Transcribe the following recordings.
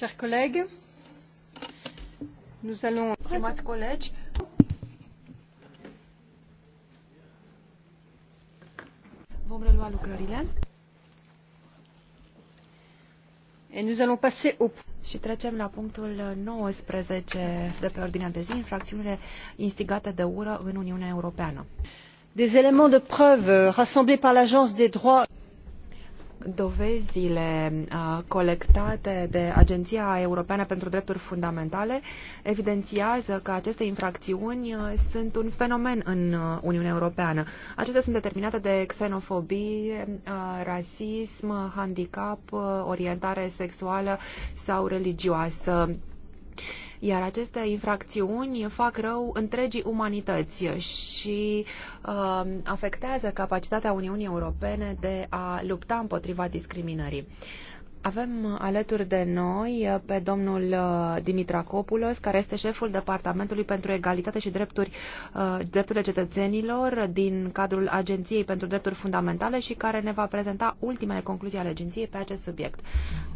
chers collègues, nous allons... Stimați colegi, vom relua lucrările. Et nous allons passer au... Și trecem la punctul 19 de pe ordinea de zi, infracțiunile instigate de ură în Uniunea Europeană. Des éléments de preuve euh, rassemblés par l'Agence des droits dovezile uh, colectate de Agenția Europeană pentru Drepturi Fundamentale evidențiază că aceste infracțiuni uh, sunt un fenomen în uh, Uniunea Europeană. Acestea sunt determinate de xenofobie, rasism, handicap, orientare sexuală sau religioasă iar aceste infracțiuni fac rău întregii umanități și uh, afectează capacitatea Uniunii Europene de a lupta împotriva discriminării. Uh, avem uh, alături de noi uh, pe domnul uh, Dimitracopoulos, care este șeful Departamentului pentru Egalitate și Drepturi, Drepturile Cetățenilor din cadrul Agenției pentru Drepturi Fundamentale și care ne va prezenta ultimele concluzii ale agenției pe acest subiect.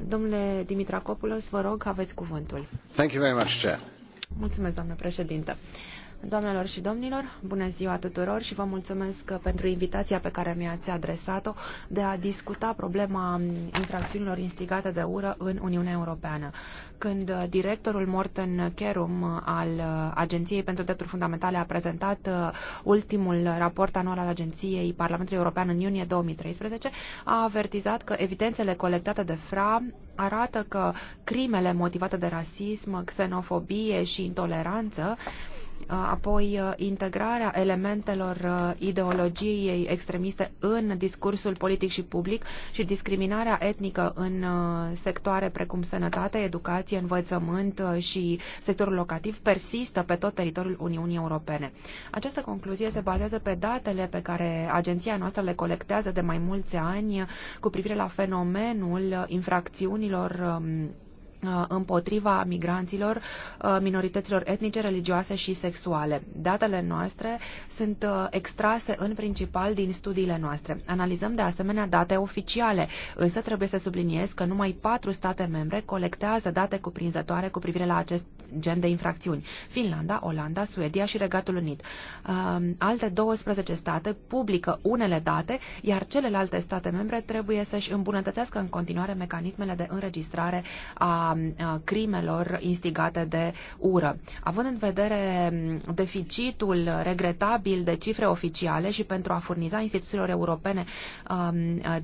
Domnule Dimitracopoulos, vă rog, aveți cuvântul. Thank you very much, Chair. Mulțumesc, doamnă președintă. Doamnelor și domnilor, bună ziua tuturor și vă mulțumesc pentru invitația pe care mi-ați adresat-o de a discuta problema infracțiunilor instigate de ură în Uniunea Europeană. Când directorul Morten Kerum al Agenției pentru Drepturi Fundamentale a prezentat ultimul raport anual al Agenției Parlamentului European în iunie 2013, a avertizat că evidențele colectate de FRA arată că crimele motivate de rasism, xenofobie și intoleranță apoi uh, integrarea elementelor uh, ideologiei extremiste în discursul politic și public și discriminarea etnică în uh, sectoare precum sănătate, educație, învățământ și sectorul locativ persistă pe tot teritoriul Uniunii Europene. Această concluzie se bazează pe datele pe care agenția noastră le colectează de mai mulți ani cu privire la fenomenul infracțiunilor um, Uh, împotriva migranților, uh, minorităților etnice, religioase și sexuale. Datele noastre sunt uh, extrase în principal din studiile noastre. Analizăm de asemenea date oficiale, însă trebuie să subliniez că numai patru state membre colectează date cuprinzătoare cu privire la acest gen de infracțiuni. Finlanda, Olanda, Suedia și Regatul Unit. Um, alte 12 state publică unele date, iar celelalte state membre trebuie să-și îmbunătățească în continuare mecanismele de înregistrare a crimelor instigate de ură. Având în vedere deficitul regretabil de cifre oficiale și pentru a furniza instituțiilor europene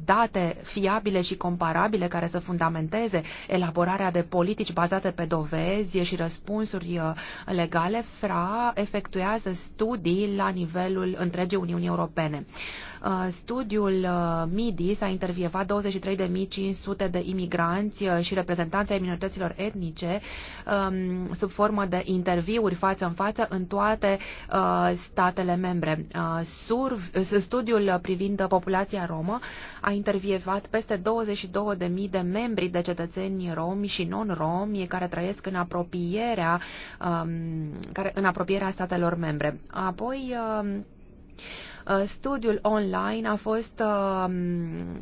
date fiabile și comparabile care să fundamenteze elaborarea de politici bazate pe dovezi și răspunsuri legale, FRA efectuează studii la nivelul întregii Uniunii Europene. Uh, studiul uh, MIDI s-a intervievat 23.500 de imigranți uh, și reprezentanții ai minorităților etnice um, sub formă de interviuri față în față în toate statele membre. Studiul privind populația romă a intervievat peste 22.000 de membri de cetățeni romi și non-romi care trăiesc în apropierea, um, care, în apropierea statelor membre. Apoi, um, Uh, studiul online a fost, uh, mm,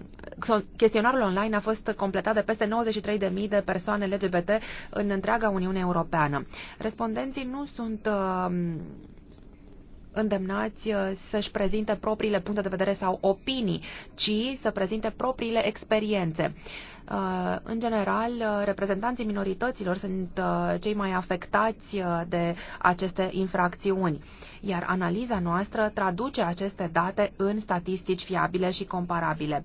chestionarul online a fost completat de peste 93.000 de persoane LGBT în întreaga Uniune Europeană. Respondenții nu sunt uh, mm, îndemnați uh, să-și prezinte propriile puncte de vedere sau opinii, ci să prezinte propriile experiențe. Uh, în general, uh, reprezentanții minorităților sunt cei mai afectați de aceste infracțiuni, iar analiza noastră traduce aceste date în statistici fiabile și comparabile.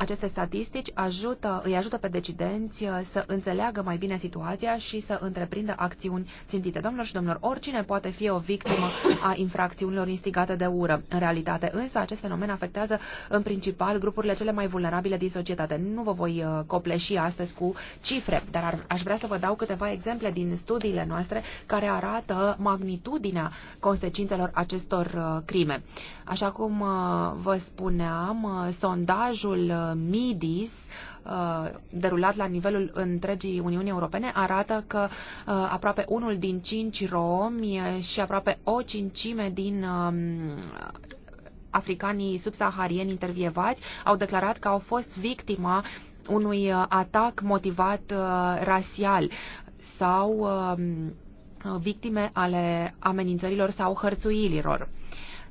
Aceste statistici ajută, îi ajută pe decidenți uh, să înțeleagă mai bine situația și să întreprindă acțiuni țintite. Domnilor și domnilor, oricine poate fi o victimă a infracțiunilor instigate de ură. În realitate, însă, acest fenomen afectează în principal grupurile cele mai vulnerabile din societate. Nu vă voi uh, copleși astăzi cu cifre, dar ar, aș vrea să vă dau câteva exemple din studiile noastre care arată magnitudinea consecințelor acestor uh, crime. Așa cum vă spuneam, sondajul MIDIS, uh, derulat la nivelul întregii Uniunii Europene, arată că uh, aproape unul din cinci romi uh, și aproape o cincime din um, africanii subsaharieni intervievați au declarat că au fost victima unui atac motivat rasial sau um, victime ale amenințărilor sau hărțuirilor.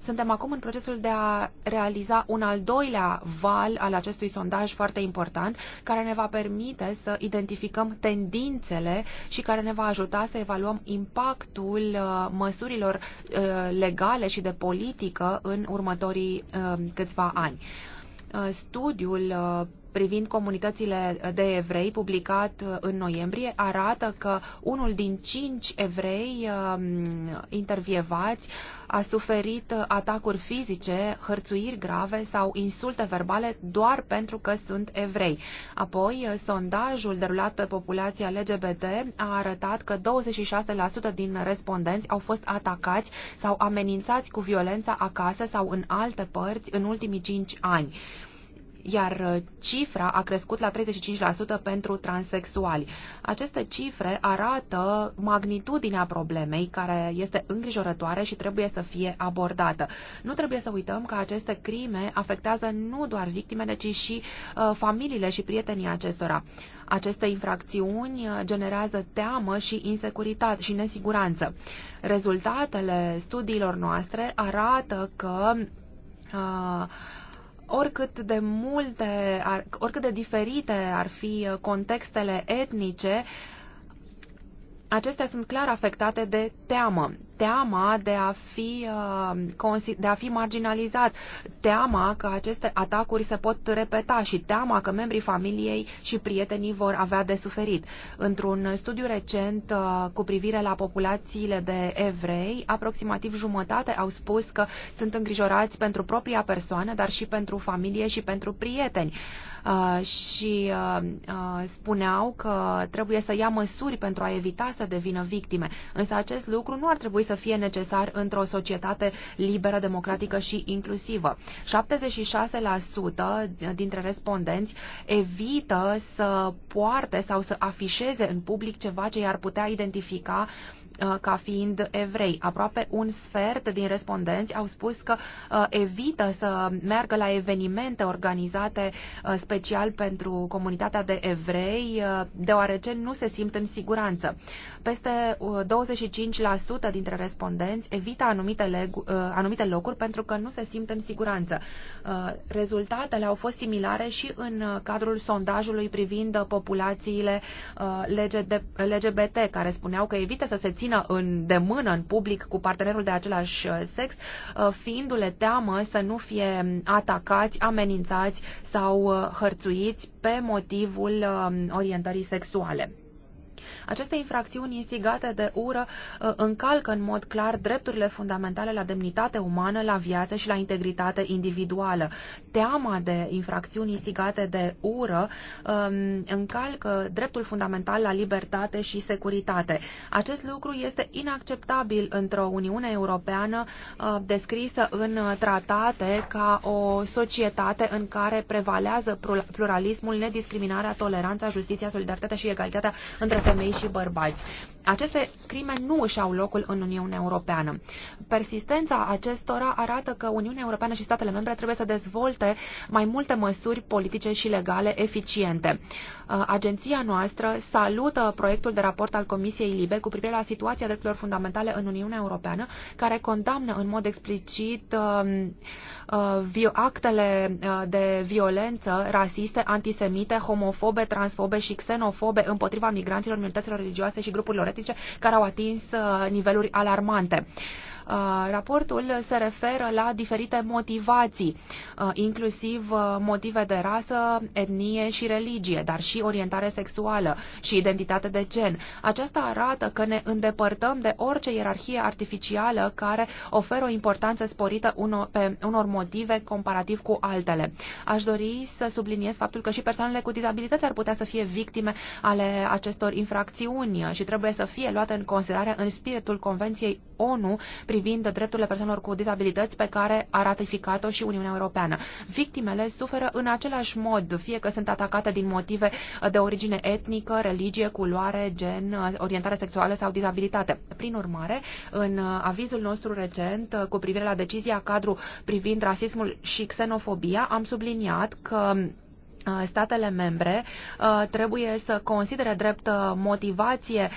Suntem acum în procesul de a realiza un al doilea val al acestui sondaj foarte important, care ne va permite să identificăm tendințele și care ne va ajuta să evaluăm impactul uh, măsurilor uh, legale și de politică în următorii uh, câțiva ani. Studiul privind comunitățile de evrei publicat uh, în noiembrie arată că unul din cinci evrei um, intervievați a suferit uh, atacuri fizice, hărțuiri grave sau insulte verbale doar pentru că sunt evrei. Apoi, uh, sondajul derulat pe populația LGBT a arătat că 26% din respondenți au fost atacați sau amenințați cu violența acasă sau în alte părți în ultimii 5 ani iar uh, cifra a crescut la 35% pentru transexuali. Aceste cifre arată magnitudinea problemei care este îngrijorătoare și trebuie să fie abordată. Nu trebuie să uităm că aceste crime afectează nu doar victimele, ci și uh, familiile și prietenii acestora. Aceste infracțiuni uh, generează teamă și insecuritate și nesiguranță. Rezultatele studiilor noastre arată că uh, oricât de multe, oricât de diferite ar fi uh, contextele etnice, acestea sunt clar afectate de teamă teama de a fi, uh, de a fi marginalizat, teama că aceste atacuri se pot repeta și teama că membrii familiei și prietenii vor avea de suferit. Într-un studiu recent uh, cu privire la populațiile de evrei, aproximativ jumătate au spus că sunt îngrijorați pentru propria persoană, dar și pentru familie și pentru prieteni. Uh, și spuneau că trebuie să ia măsuri pentru a evita să devină victime. Însă acest lucru nu ar trebui să fie necesar într-o societate liberă, democratică și inclusivă. 76% dintre respondenți evită să poarte sau să afișeze în public ceva ce i-ar putea identifica Uh, ca fiind evrei. Aproape un sfert din respondenți au spus că uh, evită să meargă la evenimente organizate uh, special pentru comunitatea de evrei, deoarece nu se simt în siguranță. Peste 25% dintre respondenți evită anumite, anumite locuri pentru că nu se simt în siguranță. Rezultatele au fost similare și în cadrul sondajului privind populațiile LGBT, care spuneau că evită să se țină țină în, de mână în public cu partenerul de același uh, sex, uh, fiindu-le teamă să nu fie atacați, amenințați sau uh, hărțuiți pe motivul um, orientării sexuale. Aceste infracțiuni instigate de ură uh, încalcă în mod clar drepturile fundamentale la demnitate umană, la viață și la integritate individuală. Teama de infracțiuni instigate de ură um, încalcă dreptul fundamental la libertate și securitate. Acest lucru este inacceptabil într-o Uniune Europeană uh, descrisă în uh, tratate ca o societate în care prevalează pluralismul, nediscriminarea, toleranța, justiția, solidaritatea și egalitatea între femei și bărbați. Aceste crime nu își au locul în Uniunea Europeană. Persistența acestora arată că Uniunea Europeană și statele membre trebuie să dezvolte mai multe măsuri politice și legale eficiente. Uh, agenția noastră salută proiectul de raport al Comisiei Libe cu privire la situația drepturilor fundamentale în Uniunea Europeană, care condamnă în mod explicit um, uh, actele uh, de violență rasiste, antisemite, homofobe, transfobe și xenofobe împotriva migranților, minorităților religioase și grupurilor etnice care au atins niveluri alarmante. Uh, raportul se referă la diferite motivații, uh, inclusiv uh, motive de rasă, etnie și religie, dar și orientare sexuală și identitate de gen. Aceasta arată că ne îndepărtăm de orice ierarhie artificială care oferă o importanță sporită unor, pe unor motive comparativ cu altele. Aș dori să subliniez faptul că și persoanele cu dizabilități ar putea să fie victime ale acestor infracțiuni și trebuie să fie luate în considerare în spiritul Convenției ONU privind privind drepturile persoanelor cu dizabilități pe care a ratificat-o și Uniunea Europeană. Victimele suferă în același mod, fie că sunt atacate din motive de origine etnică, religie, culoare, gen, orientare sexuală sau dizabilitate. Prin urmare, în avizul nostru recent cu privire la decizia cadru privind rasismul și xenofobia, am subliniat că Uh, statele membre uh, trebuie să considere drept uh, motivație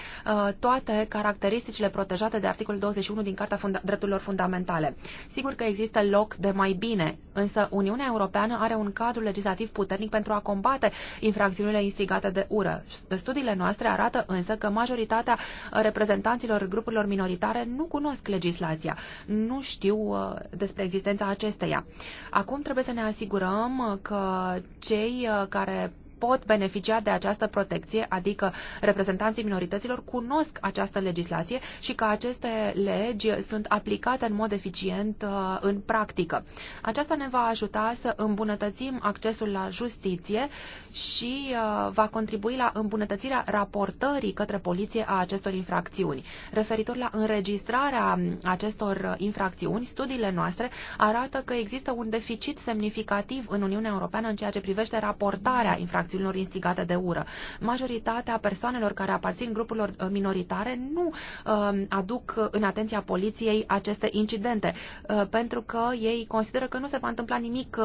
toate caracteristicile protejate de articolul 21 din Carta Funda Drepturilor Fundamentale. Sigur că există loc de mai bine, însă Uniunea Europeană are un cadru legislativ puternic pentru a combate infracțiunile instigate de ură. Studiile noastre arată însă că majoritatea reprezentanților grupurilor minoritare nu cunosc legislația, nu știu despre existența acesteia. Acum trebuie să ne asigurăm că cei Uh, care pot beneficia de această protecție, adică reprezentanții minorităților cunosc această legislație și că aceste legi sunt aplicate în mod eficient uh, în practică. Aceasta ne va ajuta să îmbunătățim accesul la justiție și uh, va contribui la îmbunătățirea raportării către poliție a acestor infracțiuni. Referitor la înregistrarea acestor infracțiuni, studiile noastre arată că există un deficit semnificativ în Uniunea Europeană în ceea ce privește raportarea infracțiunilor acțiunilor instigate de ură. Majoritatea persoanelor care aparțin grupurilor uh, minoritare nu uh, aduc în atenția poliției aceste incidente, uh, pentru că ei consideră că nu se va întâmpla nimic, uh,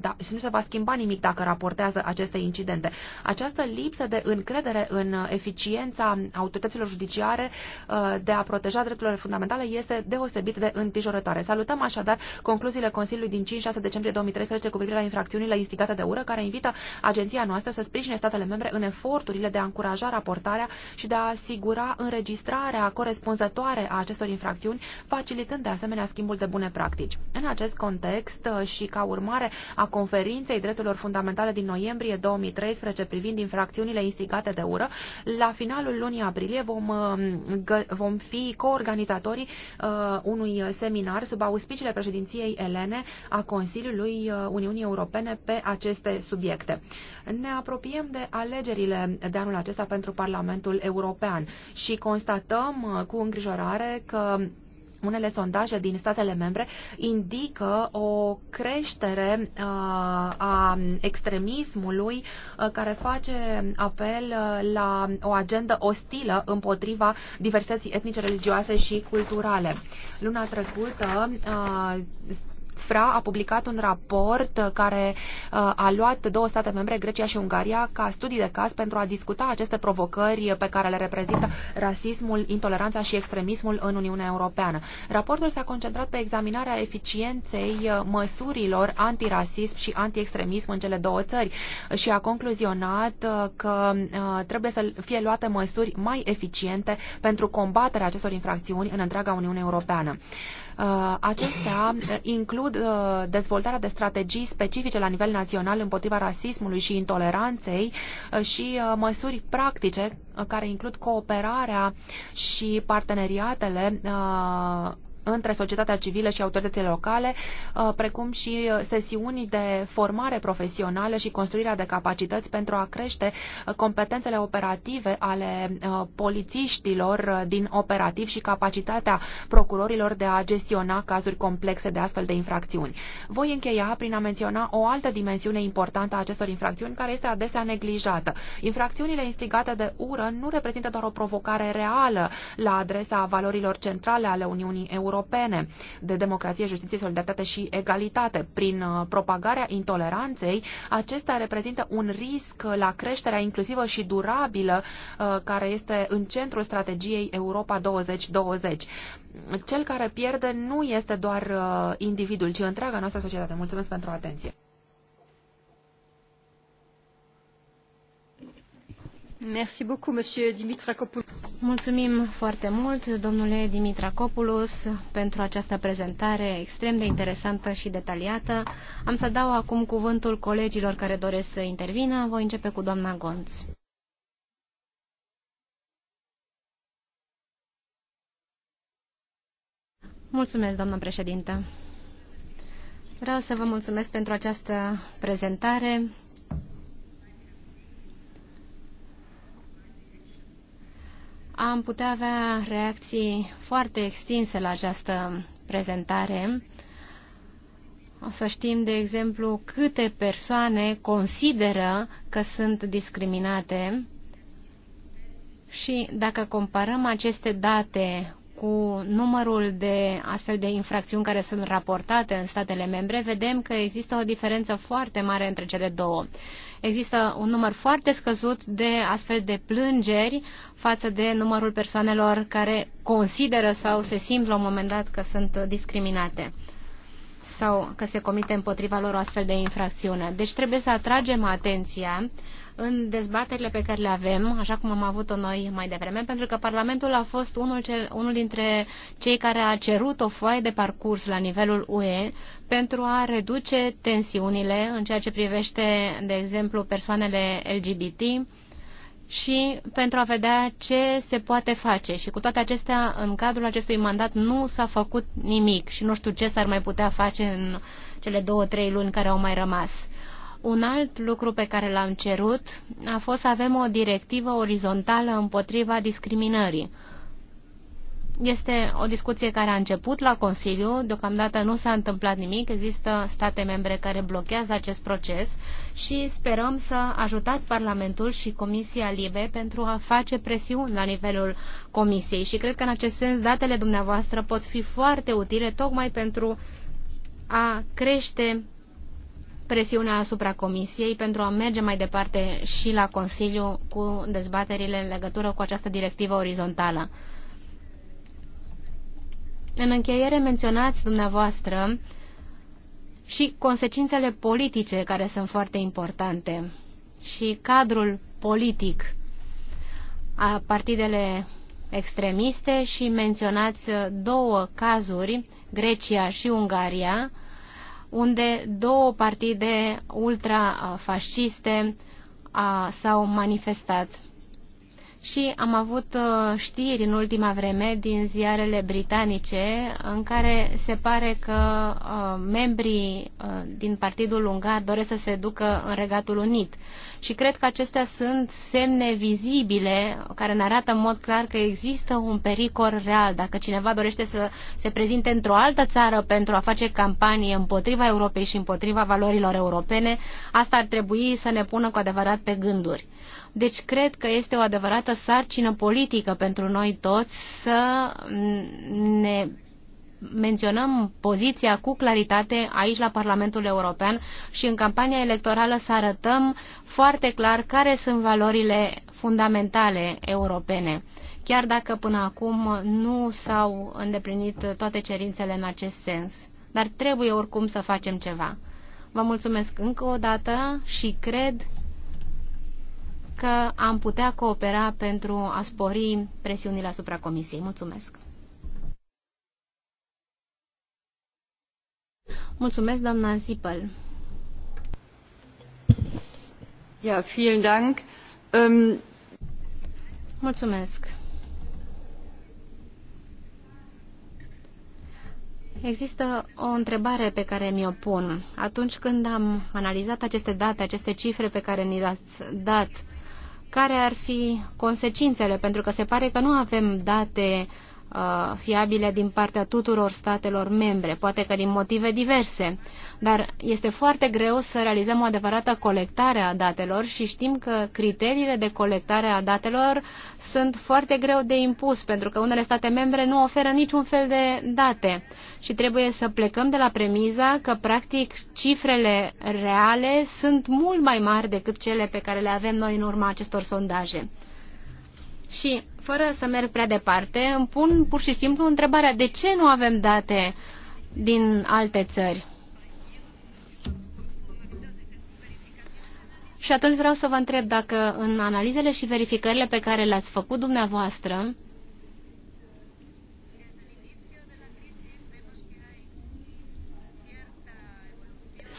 da, nu se va schimba nimic dacă raportează aceste incidente. Această lipsă de încredere în eficiența autorităților judiciare uh, de a proteja drepturile fundamentale este deosebit de îngrijorătoare. Salutăm așadar concluziile Consiliului din 5-6 decembrie 2013 cu privire la infracțiunile instigate de ură, care invită agenția noastră încearcă să sprijine statele membre în eforturile de a încuraja raportarea și de a asigura înregistrarea corespunzătoare a acestor infracțiuni, facilitând de asemenea schimbul de bune practici. În acest context uh, și ca urmare a conferinței drepturilor fundamentale din noiembrie 2013 privind infracțiunile instigate de ură, la finalul lunii aprilie vom, um, vom fi coorganizatorii uh, unui seminar sub auspiciile președinției Elene a Consiliului uh, Uniunii Europene pe aceste subiecte. Ne apropiem de alegerile de anul acesta pentru Parlamentul European și constatăm uh, cu îngrijorare că unele sondaje din statele membre indică o creștere uh, a extremismului uh, care face apel la o agendă ostilă împotriva diversității etnice, religioase și culturale. Luna trecută, Fra a publicat un raport uh, care uh, a luat două state membre, Grecia și Ungaria, ca studii de caz pentru a discuta aceste provocări pe care le reprezintă rasismul, intoleranța și extremismul în Uniunea Europeană. Raportul s-a concentrat pe examinarea eficienței uh, măsurilor antirasism și antiextremism în cele două țări și a concluzionat că trebuie să fie luate măsuri mai eficiente pentru combaterea acestor infracțiuni în întreaga Uniune Europeană. Uh, acestea uh, includ uh, dezvoltarea de strategii specifice la nivel național împotriva rasismului și intoleranței și măsuri practice care includ cooperarea și parteneriatele între societatea civilă și autoritățile locale, uh, precum și uh, sesiuni de formare profesională și construirea de capacități pentru a crește uh, competențele operative ale polițiștilor din operativ și capacitatea procurorilor de a gestiona cazuri complexe de astfel de infracțiuni. Voi încheia prin a menționa o altă dimensiune importantă a acestor infracțiuni care este adesea neglijată. Infracțiunile instigate de ură nu reprezintă doar o provocare reală la adresa valorilor centrale ale Uniunii Europene, europene de democrație, justiție, solidaritate și egalitate. Prin uh, propagarea intoleranței, acesta reprezintă un risc la creșterea inclusivă și durabilă uh, care este în centrul strategiei Europa 2020. Cel care pierde nu este doar uh, individul, ci întreaga noastră societate. Mulțumesc pentru atenție. Mulțumim foarte mult, domnule Dimitrakopoulos, pentru această prezentare extrem de interesantă și detaliată. Am să dau acum cuvântul colegilor care doresc să intervină. Voi începe cu doamna Gonț. Mulțumesc, doamnă președintă. Vreau să vă mulțumesc pentru această prezentare am putea avea reacții foarte extinse la această prezentare. O să știm, de exemplu, câte persoane consideră că sunt discriminate și dacă comparăm aceste date cu numărul de astfel de infracțiuni care sunt raportate în statele membre, vedem că există o diferență foarte mare între cele două. Există un număr foarte scăzut de astfel de plângeri față de numărul persoanelor care consideră sau se simt la un moment dat că sunt discriminate sau că se comite împotriva lor o astfel de infracțiune. Deci trebuie să atragem atenția în dezbaterile pe care le avem, așa cum am avut-o noi mai devreme, pentru că Parlamentul a fost unul, cel, unul dintre cei care a cerut o foaie de parcurs la nivelul UE pentru a reduce tensiunile în ceea ce privește, de exemplu, persoanele LGBT și pentru a vedea ce se poate face. Și cu toate acestea, în cadrul acestui mandat nu s-a făcut nimic și nu știu ce s-ar mai putea face în cele două, trei luni care au mai rămas. Un alt lucru pe care l-am cerut a fost să avem o directivă orizontală împotriva discriminării. Este o discuție care a început la Consiliu, deocamdată nu s-a întâmplat nimic, există state membre care blochează acest proces și sperăm să ajutați Parlamentul și Comisia Libe pentru a face presiuni la nivelul Comisiei și cred că în acest sens datele dumneavoastră pot fi foarte utile tocmai pentru a crește presiunea asupra Comisiei pentru a merge mai departe și la Consiliu cu dezbaterile în legătură cu această directivă orizontală. În încheiere menționați dumneavoastră și consecințele politice care sunt foarte importante și cadrul politic a partidele extremiste și menționați două cazuri, Grecia și Ungaria, unde două partide ultrafasciste s-au manifestat. Și am avut uh, știri în ultima vreme din ziarele britanice în care se pare că uh, membrii uh, din Partidul Ungar doresc să se ducă în Regatul Unit și cred că acestea sunt semne vizibile care ne arată în mod clar că există un pericol real. Dacă cineva dorește să se prezinte într-o altă țară pentru a face campanie împotriva Europei și împotriva valorilor europene, asta ar trebui să ne pună cu adevărat pe gânduri. Deci cred că este o adevărată sarcină politică pentru noi toți să ne menționăm poziția cu claritate aici la Parlamentul European și în campania electorală să arătăm foarte clar care sunt valorile fundamentale europene, chiar dacă până acum nu s-au îndeplinit toate cerințele în acest sens. Dar trebuie oricum să facem ceva. Vă mulțumesc încă o dată și cred că am putea coopera pentru a spori presiunile asupra Comisiei. Mulțumesc! Mulțumesc, doamna Zipel. Ja, vielen Dank. Um... Mulțumesc. Există o întrebare pe care mi-o pun. Atunci când am analizat aceste date, aceste cifre pe care ni le-ați dat, care ar fi consecințele? Pentru că se pare că nu avem date Uh, fiabile din partea tuturor statelor membre, poate că din motive diverse, dar este foarte greu să realizăm o adevărată colectare a datelor și știm că criteriile de colectare a datelor sunt foarte greu de impus, pentru că unele state membre nu oferă niciun fel de date și trebuie să plecăm de la premiza că, practic, cifrele reale sunt mult mai mari decât cele pe care le avem noi în urma acestor sondaje. Și fără să merg prea departe, îmi pun pur și simplu întrebarea de ce nu avem date din alte țări. Și atunci vreau să vă întreb dacă în analizele și verificările pe care le-ați făcut dumneavoastră,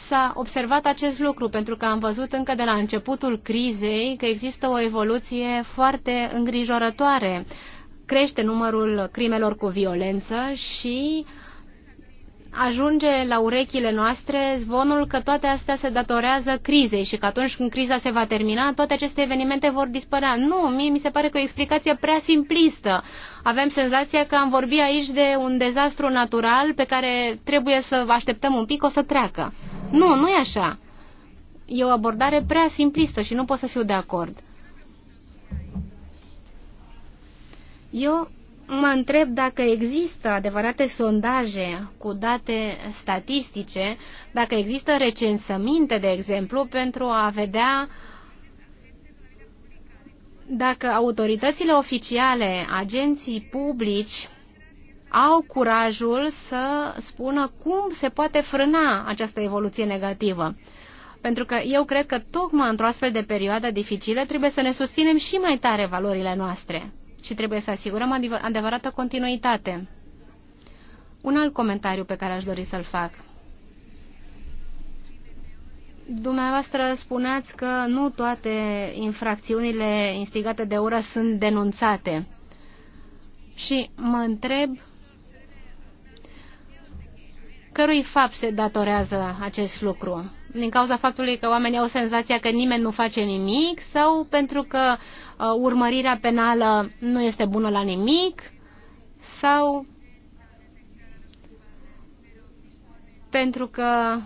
s-a observat acest lucru, pentru că am văzut încă de la începutul crizei că există o evoluție foarte îngrijorătoare. Crește numărul crimelor cu violență și ajunge la urechile noastre zvonul că toate astea se datorează crizei și că atunci când criza se va termina, toate aceste evenimente vor dispărea. Nu, mie mi se pare că o explicație prea simplistă. Avem senzația că am vorbit aici de un dezastru natural pe care trebuie să așteptăm un pic, o să treacă. Nu, nu e așa. E o abordare prea simplistă și nu pot să fiu de acord. Eu mă întreb dacă există adevărate sondaje cu date statistice, dacă există recensăminte, de exemplu, pentru a vedea dacă autoritățile oficiale, agenții publici, au curajul să spună cum se poate frâna această evoluție negativă. Pentru că eu cred că tocmai într-o astfel de perioadă dificilă trebuie să ne susținem și mai tare valorile noastre și trebuie să asigurăm adevărată continuitate. Un alt comentariu pe care aș dori să-l fac. Dumneavoastră spuneați că nu toate infracțiunile instigate de ură sunt denunțate. Și mă întreb Cărui fapt se datorează acest lucru? Din cauza faptului că oamenii au senzația că nimeni nu face nimic sau pentru că uh, urmărirea penală nu este bună la nimic sau pentru că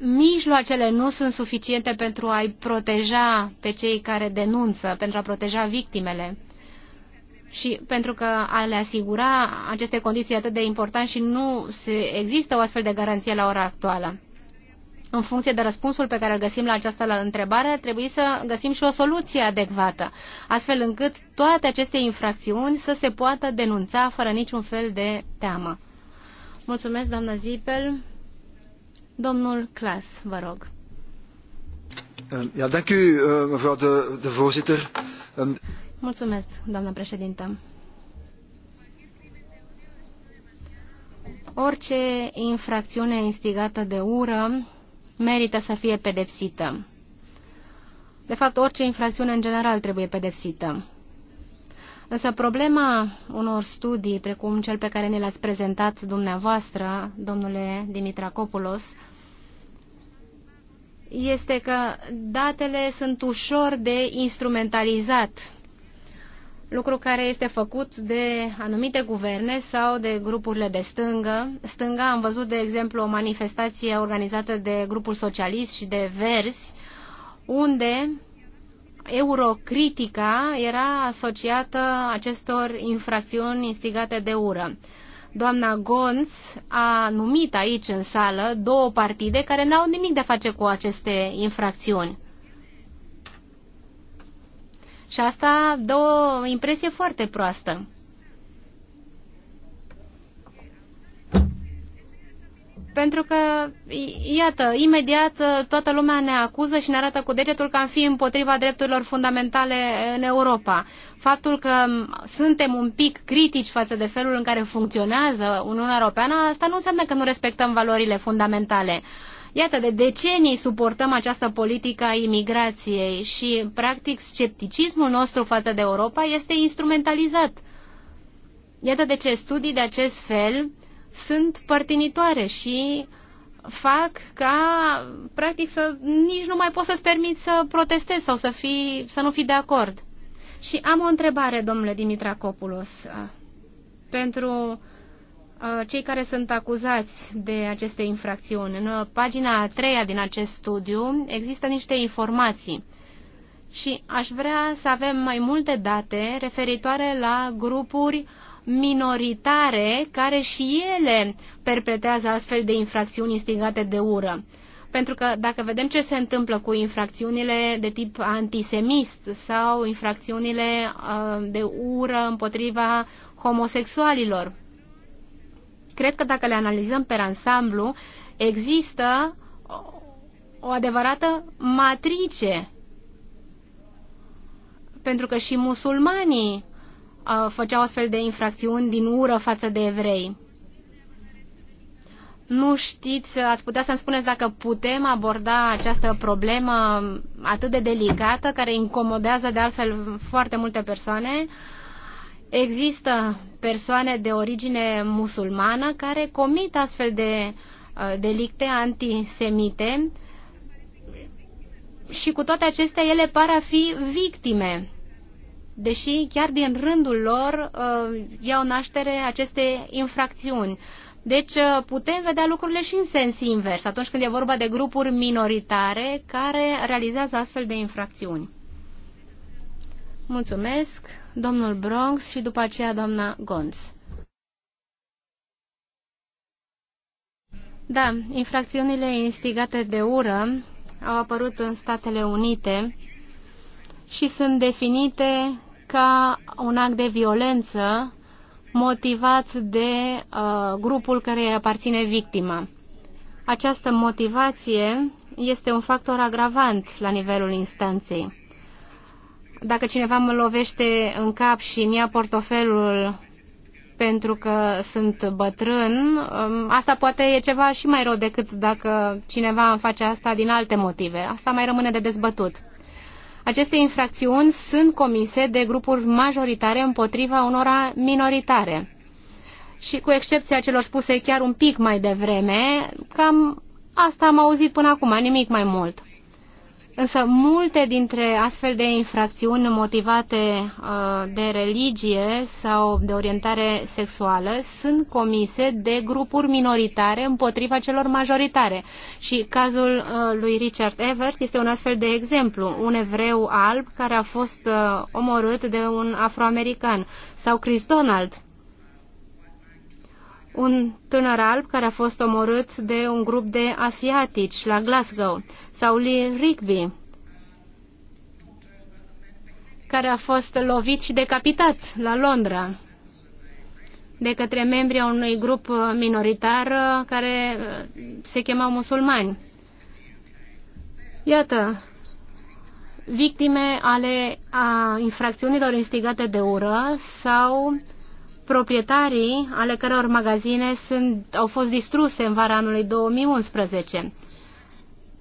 mijloacele nu sunt suficiente pentru a-i proteja pe cei care denunță, pentru a proteja victimele și pentru că a le asigura aceste condiții atât de important și nu se, există o astfel de garanție la ora actuală. În funcție de răspunsul pe care îl găsim la această întrebare, ar trebui să găsim și o soluție adecvată, astfel încât toate aceste infracțiuni să se poată denunța fără niciun fel de teamă. Mulțumesc, doamna Zipel. Domnul Clas, vă rog. Ja, dank u, eh, mevrouw de, de voorzitter. Ehm, Mulțumesc, doamnă președintă. Orice infracțiune instigată de ură merită să fie pedepsită. De fapt, orice infracțiune în general trebuie pedepsită. Însă problema unor studii, precum cel pe care ne l-ați prezentat dumneavoastră, domnule Dimitra Copulos, este că datele sunt ușor de instrumentalizat lucru care este făcut de anumite guverne sau de grupurile de stângă. Stânga am văzut, de exemplu, o manifestație organizată de grupul socialist și de verzi, unde eurocritica era asociată acestor infracțiuni instigate de ură. Doamna Gonț a numit aici în sală două partide care n-au nimic de a face cu aceste infracțiuni. Și asta dă o impresie foarte proastă. Pentru că, iată, imediat uh, toată lumea ne acuză și ne arată cu degetul că am fi împotriva drepturilor fundamentale în Europa. Faptul că um, suntem un pic critici față de felul în care funcționează Uniunea Europeană, asta nu înseamnă că nu respectăm valorile fundamentale. Uh, Iată, de decenii suportăm această politică a imigrației și, practic, scepticismul nostru față de Europa este instrumentalizat. Iată de ce studii de acest fel sunt părtinitoare și fac ca, practic, să nici nu mai poți să-ți permiți să protestezi sau să, fi, să nu fii de acord. Și am o întrebare, domnule Dimitra Copulos, pentru Uh, cei care sunt acuzați de aceste infracțiuni. În uh, pagina a treia din acest studiu există niște informații și aș vrea să avem mai multe date referitoare la grupuri minoritare care și ele perpetrează astfel de infracțiuni instigate de ură. Pentru că dacă vedem ce se întâmplă cu infracțiunile de tip antisemist sau infracțiunile uh, de ură împotriva homosexualilor, Cred că dacă le analizăm pe ansamblu, există o adevărată matrice. Pentru că și musulmanii uh, făceau astfel de infracțiuni din ură față de evrei. Nu știți, ați putea să-mi spuneți dacă putem aborda această problemă atât de delicată, care incomodează de altfel foarte multe persoane, uh, Există persoane de origine musulmană care comit astfel de uh, delicte antisemite și cu toate acestea ele par a fi victime, deși chiar din rândul lor uh, iau naștere aceste infracțiuni. Deci uh, putem vedea lucrurile și în sens invers, atunci când e vorba de grupuri minoritare care realizează astfel de infracțiuni. Mulțumesc, domnul Bronx și după aceea doamna Gonz. Da, infracțiunile instigate de ură au apărut în Statele Unite și sunt definite ca un act de violență motivat de uh, grupul care îi aparține victima. Această motivație este un factor agravant la nivelul instanței dacă cineva mă lovește în cap și mi ia portofelul pentru că sunt bătrân, um, asta poate e ceva și mai rău decât dacă cineva îmi face asta din alte motive. Asta mai rămâne de dezbătut. Aceste infracțiuni sunt comise de grupuri majoritare împotriva unora minoritare. Și cu excepția celor spuse chiar un pic mai devreme, cam asta am auzit până acum, nimic mai mult. Însă multe dintre astfel de infracțiuni motivate uh, de religie sau de orientare sexuală sunt comise de grupuri minoritare împotriva celor majoritare. Și cazul uh, lui Richard Evert este un astfel de exemplu. Un evreu alb care a fost uh, omorât de un afroamerican sau Chris Donald un tânăr alb care a fost omorât de un grup de asiatici la Glasgow, sau Lee Rigby, care a fost lovit și decapitat la Londra de către membrii unui grup minoritar uh, care uh, se chemau musulmani. Iată, victime ale a infracțiunilor instigate de ură sau proprietarii ale căror magazine sunt, au fost distruse în vara anului 2011.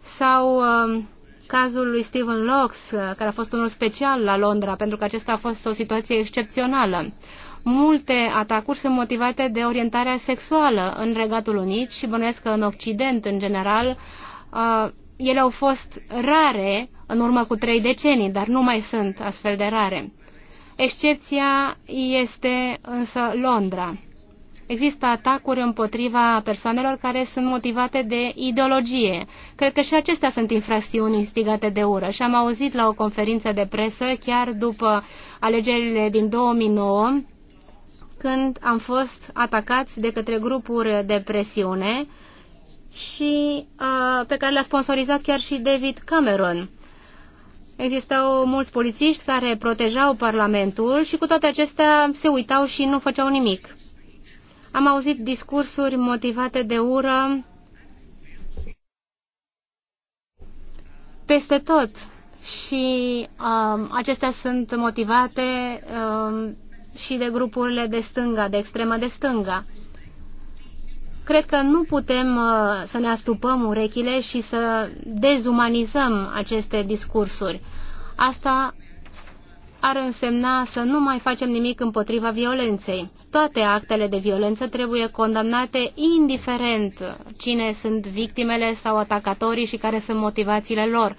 Sau uh, cazul lui Stephen Locks, uh, care a fost unul special la Londra, pentru că acesta a fost o situație excepțională. Multe atacuri sunt motivate de orientarea sexuală în Regatul Unit și bănuiesc că în Occident, în general, uh, ele au fost rare în urmă cu trei decenii, dar nu mai sunt astfel de rare. Excepția este însă Londra. Există atacuri împotriva persoanelor care sunt motivate de ideologie. Cred că și acestea sunt infracțiuni instigate de ură. Și am auzit la o conferință de presă, chiar după alegerile din 2009, când am fost atacați de către grupuri de presiune și uh, pe care le-a sponsorizat chiar și David Cameron. Existau mulți polițiști care protejau Parlamentul și cu toate acestea se uitau și nu făceau nimic. Am auzit discursuri motivate de ură peste tot și um, acestea sunt motivate um, și de grupurile de stânga, de extremă de stânga. Cred că nu putem uh, să ne astupăm urechile și să dezumanizăm aceste discursuri. Asta ar însemna să nu mai facem nimic împotriva violenței. Toate actele de violență trebuie condamnate indiferent cine sunt victimele sau atacatorii și care sunt motivațiile lor.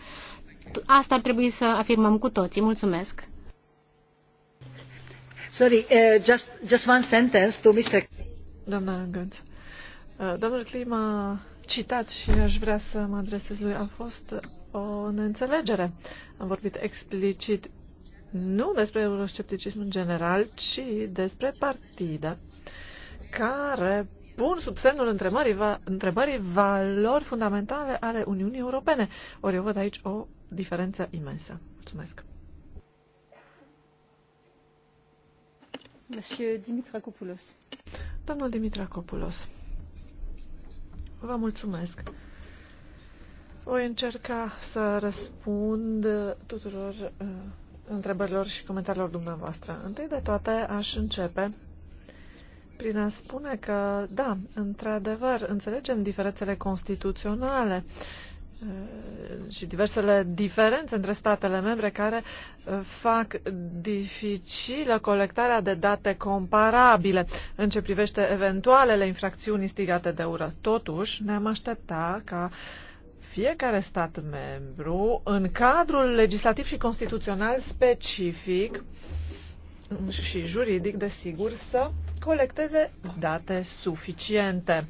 Asta ar trebui să afirmăm cu toții. Mulțumesc. Sorry, uh, just, just one sentence to Mr. Doamna Rânganț. Uh, domnul a citat și aș vrea să mă adresez lui. A fost o neînțelegere. Am vorbit explicit nu despre euroscepticismul general, ci despre partidă, care pun sub semnul întrebării, va, întrebării valori fundamentale ale Uniunii Europene. Ori eu văd aici o diferență imensă. Mulțumesc. Monsieur Dimitra Copulos. Domnul Dimitra Copulos. Vă mulțumesc. Voi încerca să răspund tuturor uh, întrebărilor și comentariilor dumneavoastră. Întâi de toate, aș începe prin a spune că, da, într-adevăr, înțelegem diferențele constituționale și diversele diferențe între statele membre care uh, fac dificilă colectarea de date comparabile în ce privește eventualele infracțiuni instigate de ură. Totuși, ne-am aștepta ca fiecare stat membru, în cadrul legislativ și constituțional specific și juridic, desigur, să colecteze date suficiente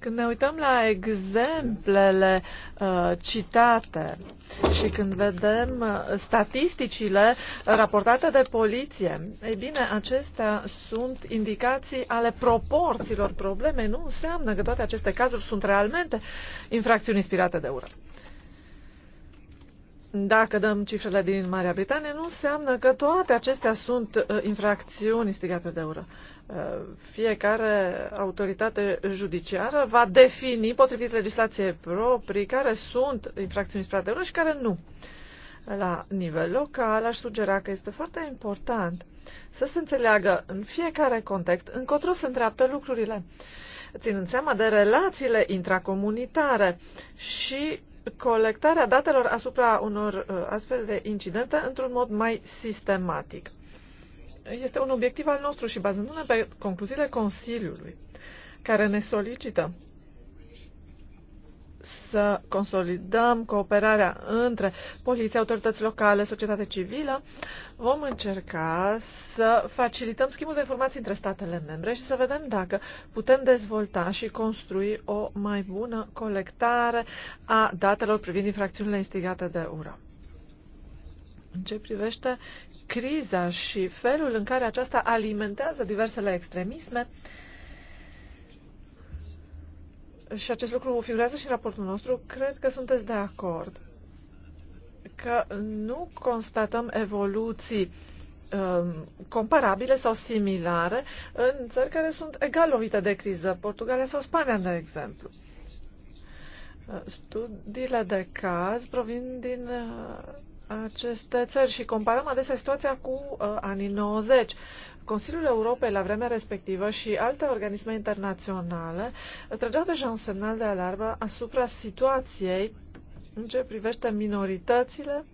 când ne uităm la exemplele uh, citate și când vedem uh, statisticile raportate de poliție, ei bine, acestea sunt indicații ale proporțiilor problemei. Nu înseamnă că toate aceste cazuri sunt realmente infracțiuni inspirate de ură. Dacă dăm cifrele din Marea Britanie, nu înseamnă că toate acestea sunt uh, infracțiuni instigate de ură. Uh, fiecare autoritate judiciară va defini, potrivit legislației proprii, care sunt infracțiuni spre și care nu. La nivel local, aș sugera că este foarte important să se înțeleagă în fiecare context încotro se îndreaptă lucrurile, ținând seama de relațiile intracomunitare și colectarea datelor asupra unor uh, astfel de incidente într-un mod mai sistematic este un obiectiv al nostru și bazându-ne pe concluziile Consiliului, care ne solicită să consolidăm cooperarea între poliție, autorități locale, societate civilă, vom încerca să facilităm schimbul de informații între statele membre și să vedem dacă putem dezvolta și construi o mai bună colectare a datelor privind infracțiunile instigate de URA. În ce privește criza și felul în care aceasta alimentează diversele extremisme. Și acest lucru figurează și în raportul nostru. Cred că sunteți de acord că nu constatăm evoluții um, comparabile sau similare în țări care sunt egal lovite de criză, Portugalia sau Spania, de exemplu. Uh, studiile de caz provin din uh, aceste țări și comparăm adesea situația cu uh, anii 90. Consiliul Europei la vremea respectivă și alte organisme internaționale trăgeau deja un semnal de alarmă asupra situației în ce privește minoritățile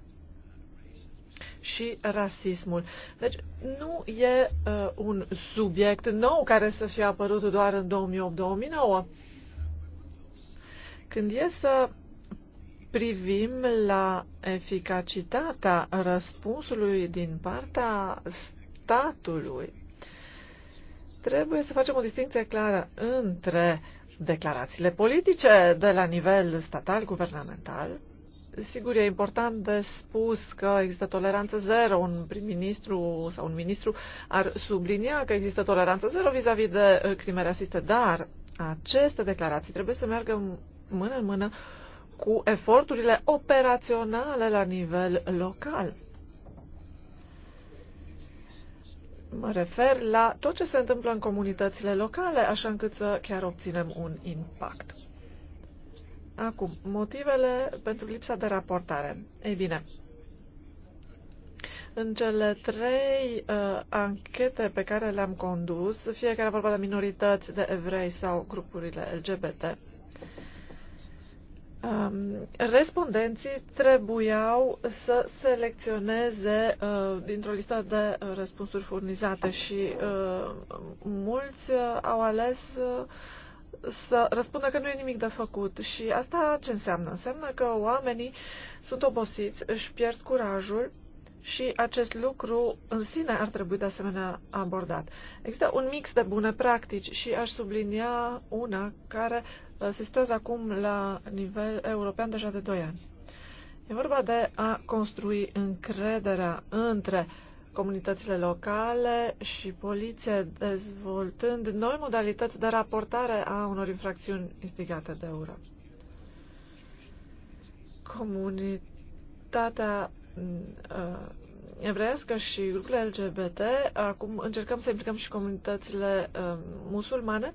și rasismul. Deci nu e uh, un subiect nou care să fie apărut doar în 2008-2009. Când e să privim la eficacitatea răspunsului din partea statului, trebuie să facem o distinție clară între declarațiile politice de la nivel statal, guvernamental. Sigur, e important de spus că există toleranță zero. Un prim-ministru sau un ministru ar sublinia că există toleranță zero vis-a-vis -vis de crime rasiste, dar aceste declarații trebuie să meargă mână în mână cu eforturile operaționale la nivel local. Mă refer la tot ce se întâmplă în comunitățile locale, așa încât să chiar obținem un impact. Acum, motivele pentru lipsa de raportare. Ei bine, în cele trei uh, anchete pe care le-am condus, fiecare vorba de minorități, de evrei sau grupurile LGBT, Um, respondenții trebuiau să selecționeze uh, dintr-o listă de uh, răspunsuri furnizate și uh, mulți uh, au ales uh, să răspundă că nu e nimic de făcut. Și asta ce înseamnă? Înseamnă că oamenii sunt obosiți, își pierd curajul și acest lucru în sine ar trebui de asemenea abordat. Există un mix de bune practici și aș sublinia una care uh, se situează acum la nivel european deja de 2 ani. E vorba de a construi încrederea între comunitățile locale și poliție, dezvoltând noi modalități de raportare a unor infracțiuni instigate de ură. Comunitatea Uh, evreiască și grupurile LGBT, acum încercăm să implicăm și comunitățile uh, musulmane,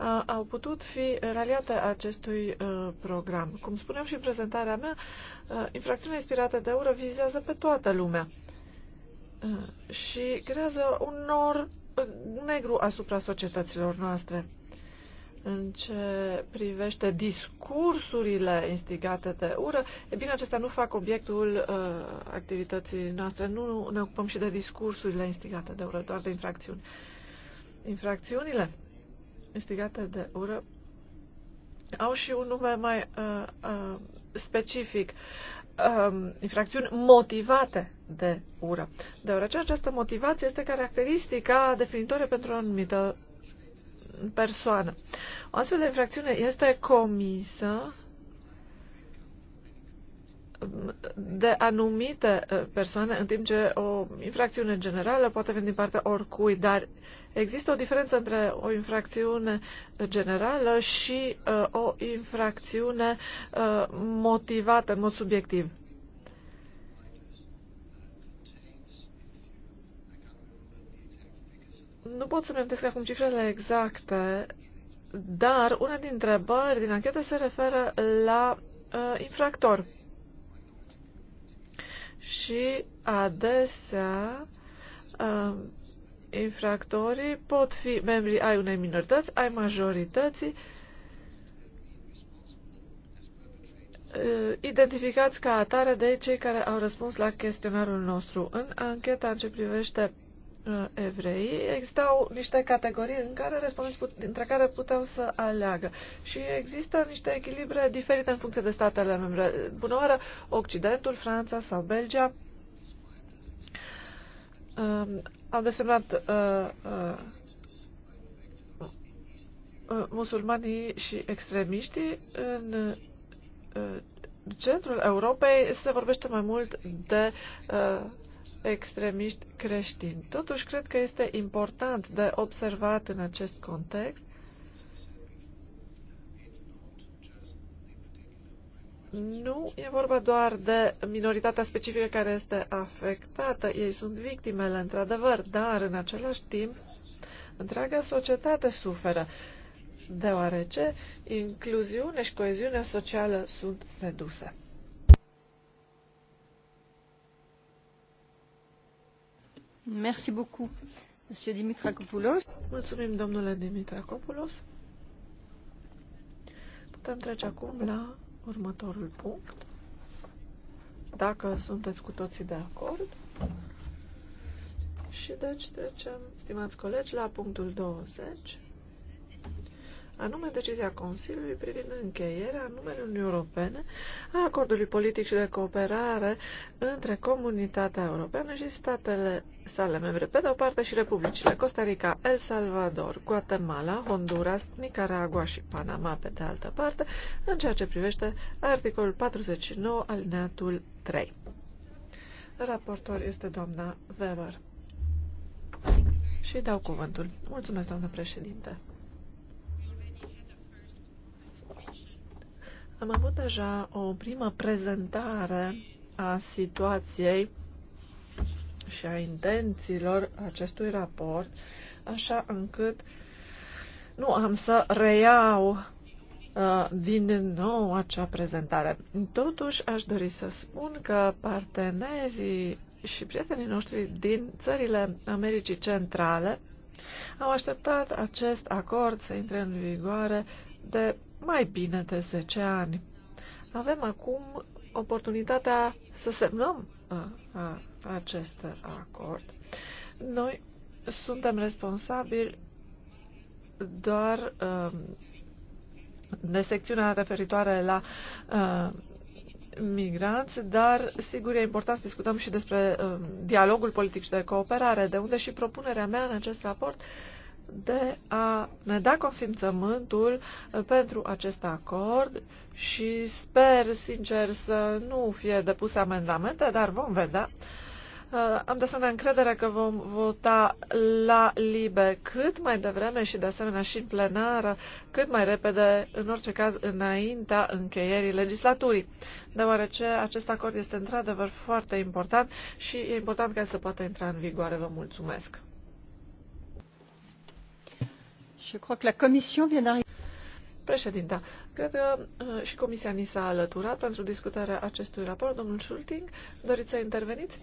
uh, au putut fi raliate acestui uh, program. Cum spuneam și în prezentarea mea, uh, infracțiunea inspirată de ură vizează pe toată lumea uh, și creează un nor uh, negru asupra societăților noastre. În ce privește discursurile instigate de ură, e bine, acestea nu fac obiectul uh, activității noastre. Nu ne ocupăm și de discursurile instigate de ură, doar de infracțiuni. Infracțiunile instigate de ură au și un nume mai uh, uh, specific. Uh, infracțiuni motivate de ură. Deoarece această motivație este caracteristica definitorie pentru o anumită persoană. O astfel de infracțiune este comisă de anumite uh, persoane, în timp ce o infracțiune generală poate veni din partea oricui, dar există o diferență între o infracțiune generală și uh, o infracțiune uh, motivată în mod subiectiv. Nu pot să-mi amintesc acum cifrele exacte, dar una dintre întrebări din anchetă se referă la uh, infractor. Și adesea uh, infractorii pot fi membri ai unei minorități, ai majorității, uh, identificați ca atare de cei care au răspuns la chestionarul nostru. În ancheta în ce privește Uh, evrei, existau niște categorii în care respondenții put- dintre care puteau să aleagă. Și există niște echilibre diferite în funcție de statele membre. Bună oară, Occidentul, Franța sau Belgia uh, au desemnat uh, uh, uh, musulmanii și extremiștii în uh, centrul Europei se vorbește mai mult de uh, extremiști creștini. Totuși, cred că este important de observat în acest context Nu e vorba doar de minoritatea specifică care este afectată, ei sunt victimele, într-adevăr, dar în același timp întreaga societate suferă, deoarece incluziune și coeziunea socială sunt reduse. Merci beaucoup, domnule Dimitrakopoulos. Putem trece acum la următorul punct. Dacă sunteți cu toții de acord. Și deci trecem, stimați colegi, la punctul 20 anume decizia Consiliului privind încheierea numele Uniunii Europene a acordului politic și de cooperare între Comunitatea Europeană și statele sale membre, pe de-o parte și republicile Costa Rica, El Salvador, Guatemala, Honduras, Nicaragua și Panama, pe de altă parte, în ceea ce privește articolul 49 alineatul 3. Raportor este doamna Weber. Și dau cuvântul. Mulțumesc, doamnă președinte. Am avut deja o primă prezentare a situației și a intențiilor acestui raport, așa încât nu am să reiau uh, din nou acea prezentare. Totuși, aș dori să spun că partenerii și prietenii noștri din țările Americii Centrale au așteptat acest acord să intre în vigoare de mai bine de 10 ani. Avem acum oportunitatea să semnăm acest acord. Noi suntem responsabili doar um, de secțiunea referitoare la um, migranți, dar sigur e important să discutăm și despre um, dialogul politic și de cooperare, de unde și propunerea mea în acest raport de a ne da consimțământul uh, pentru acest acord și sper sincer să nu fie depuse amendamente, dar vom vedea. Uh, am de asemenea încredere că vom vota la libe cât mai devreme și de asemenea și în plenară, cât mai repede, în orice caz înaintea încheierii legislaturii, deoarece acest acord este într-adevăr foarte important și e important ca să poată intra în vigoare. Vă mulțumesc! Je crois Președinta, cred că uh, și Comisia ni s-a alăturat pentru discutarea acestui raport. Domnul Schulting, doriți să interveniți?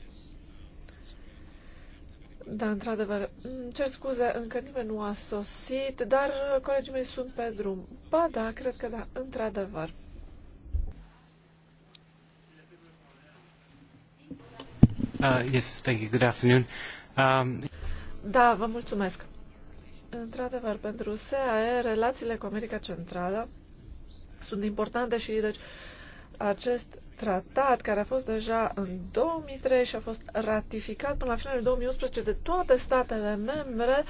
Da, într-adevăr. Mm, cer scuze, încă nimeni nu a sosit, dar uh, colegii mei sunt pe drum. Ba da, cred că da, într-adevăr. Uh, yes, thank you. Good afternoon. Um... Da, vă mulțumesc. Într-adevăr, pentru SAE, relațiile cu America Centrală sunt importante și deci acest tratat, care a fost deja în 2003 și a fost ratificat până la finalul 2011 de toate statele membre,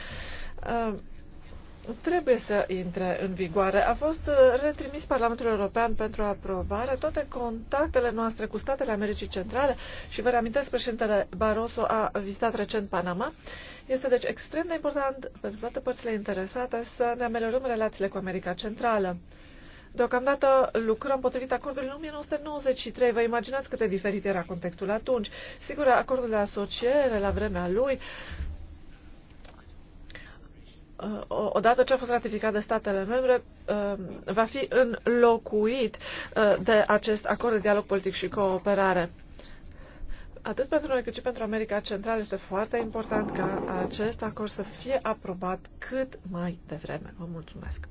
uh, trebuie să intre în vigoare. A fost uh, retrimis Parlamentul European pentru aprobare toate contactele noastre cu statele Americii Centrale și vă reamintesc, președintele Barroso a vizitat recent Panama. Este deci extrem de important pentru toate părțile interesate să ne ameliorăm relațiile cu America Centrală. Deocamdată lucrăm potrivit acordului în 1993. Vă imaginați cât de diferit era contextul atunci. Sigur, acordul de asociere la vremea lui Uh, odată ce a fost ratificat de statele membre, uh, va fi înlocuit uh, de acest acord de dialog politic și cooperare. Atât pentru noi cât și pentru America Centrală este foarte important ca acest acord să fie aprobat cât mai devreme. Vă mulțumesc!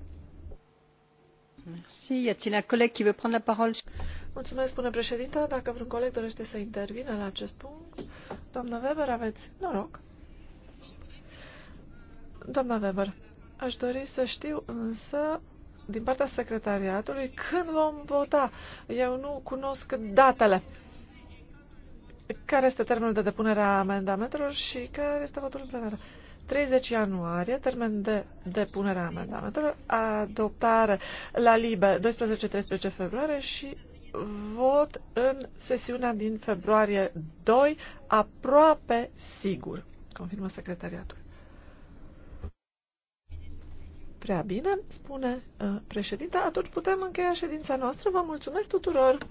Mulțumesc, spune președinta. Dacă vreun coleg dorește să intervină la acest punct, doamna Weber, aveți noroc. Doamna Weber, aș dori să știu însă din partea secretariatului când vom vota. Eu nu cunosc datele. Care este termenul de depunere a amendamentelor și care este votul în plenară? 30 ianuarie, termen de depunere a amendamentelor, adoptare la LIBE 12-13 februarie și vot în sesiunea din februarie 2, aproape sigur, confirmă secretariatul. Prea bine, spune uh, președinta. Atunci putem încheia ședința noastră. Vă mulțumesc tuturor!